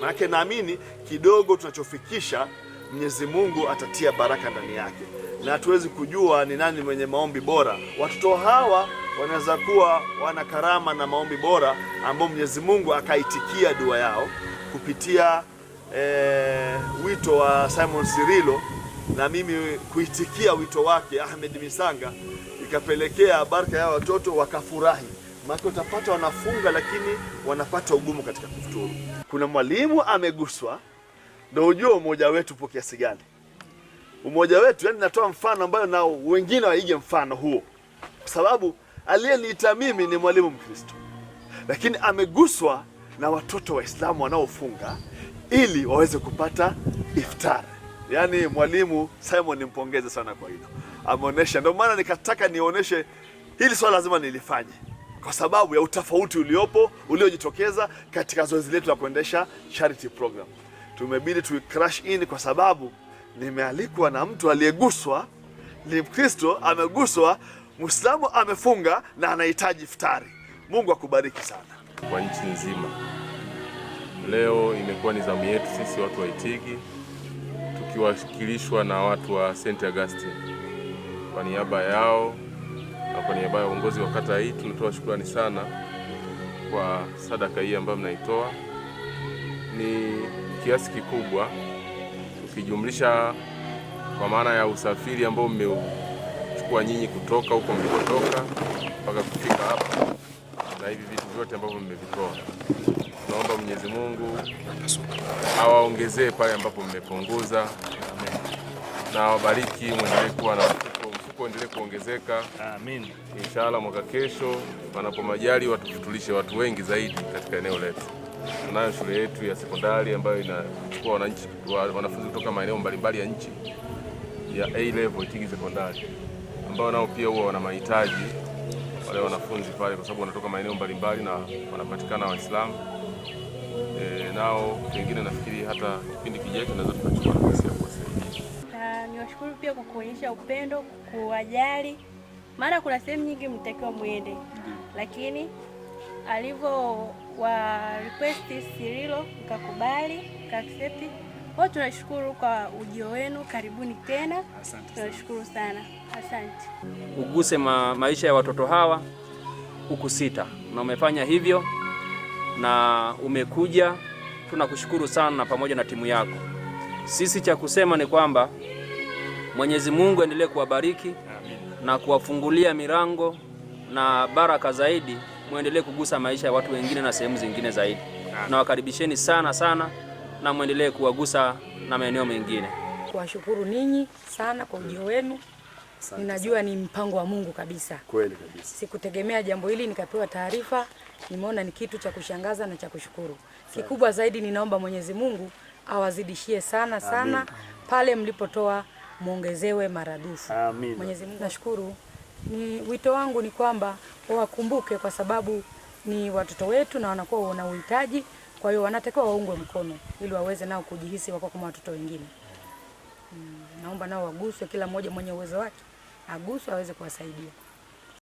Maana naamini kidogo tunachofikisha Mwenyezi Mungu atatia baraka ndani yake, na hatuwezi kujua ni nani mwenye maombi bora. Watoto hawa wanaweza kuwa wana karama na maombi bora ambao Mwenyezi Mungu akaitikia dua yao kupitia eh, wito wa Simon Sirilo na mimi kuitikia wito wake Ahmed Misanga, ikapelekea baraka ya watoto wakafurahi. Maana utapata wanafunga lakini wanapata ugumu katika kufuturu. Kuna mwalimu ameguswa na ujue umoja wetu upo kiasi gani. Umoja wetu yani, natoa mfano ambayo na wengine waige mfano huo, kwa sababu aliyeniita mimi ni mwalimu Mkristo, lakini ameguswa na watoto Waislamu wanaofunga ili waweze kupata iftar. Yaani mwalimu Simon nimpongeze sana kwa hilo, ameonesha. Ndio maana nikataka nionyeshe hili swala lazima nilifanye kwa sababu ya utofauti uliopo uliojitokeza katika zoezi letu la kuendesha charity program. Tumebidi tu crash in kwa sababu nimealikwa na mtu aliyeguswa, ni Mkristo ameguswa, Muislamu amefunga na anahitaji iftari. Mungu akubariki sana. Kwa nchi nzima leo imekuwa ni zamu yetu sisi watu wa Itigi tukiwakilishwa na watu wa St. Augustine kwa niaba yao na kwa niaba ya uongozi wa kata hii tunatoa shukrani sana kwa sadaka hii ambayo mnaitoa, ni kiasi kikubwa ukijumlisha kwa maana ya usafiri ambao mmechukua nyinyi kutoka huko mlikotoka mpaka kufika hapa na hivi vitu vyote ambavyo mmevitoa, tunaomba Mwenyezi Mungu awaongezee pale ambapo mmepunguza na wabariki, mwendelee kuwa na yako endelee kuongezeka. Amin. Inshallah mwaka kesho, panapo majali, watufutulishe watu wengi zaidi katika eneo letu. Tunayo shule yetu ya sekondari ambayo inachukua wananchi wanafunzi kutoka maeneo mbalimbali ya nchi ya A level Itigi sekondari, ambao nao pia huwa wana mahitaji wale wanafunzi pale, kwa sababu wanatoka maeneo mbalimbali na wanapatikana Waislamu e, nao pengine nafikiri hata kipindi kijacho naweza tukachukua nafasi niwashukuru pia kwa kuonyesha upendo, kuwajali, maana kuna sehemu nyingi mtakiwa mwende, lakini alivyo wa request Sirilo nikakubali, nikaaccept. Kwa tunashukuru kwa ujio wenu, karibuni tena. Tunashukuru sana, asante. Uguse ma maisha ya watoto hawa huku sita, na umefanya hivyo na umekuja, tunakushukuru sana, pamoja na timu yako. Sisi cha kusema ni kwamba Mwenyezi Mungu endelee kuwabariki na kuwafungulia milango na baraka zaidi, muendelee kugusa maisha ya watu wengine na sehemu zingine zaidi. Nawakaribisheni sana sana na muendelee kuwagusa na maeneo mengine. Kuwashukuru ninyi sana kwa ujio wenu. Ninajua ni mpango wa Mungu kabisa. Kweli kabisa. Sikutegemea jambo hili, nikapewa taarifa, nimeona ni kitu cha kushangaza na cha kushukuru. Kikubwa zaidi ninaomba Mwenyezi Mungu awazidishie sana sana Amin. Pale mlipotoa muongezewe maradufu. Amin. Mwenyezi Mungu nashukuru. Ni wito wangu ni kwamba wakumbuke, kwa sababu ni watoto wetu na wanakuwa wana uhitaji, kwa hiyo wanatakiwa waungwe mkono ili waweze nao kujihisi wako kama watoto wengine. Hmm, naomba nao waguswe, kila mmoja mwenye uwezo wake aguswe aweze kuwasaidia.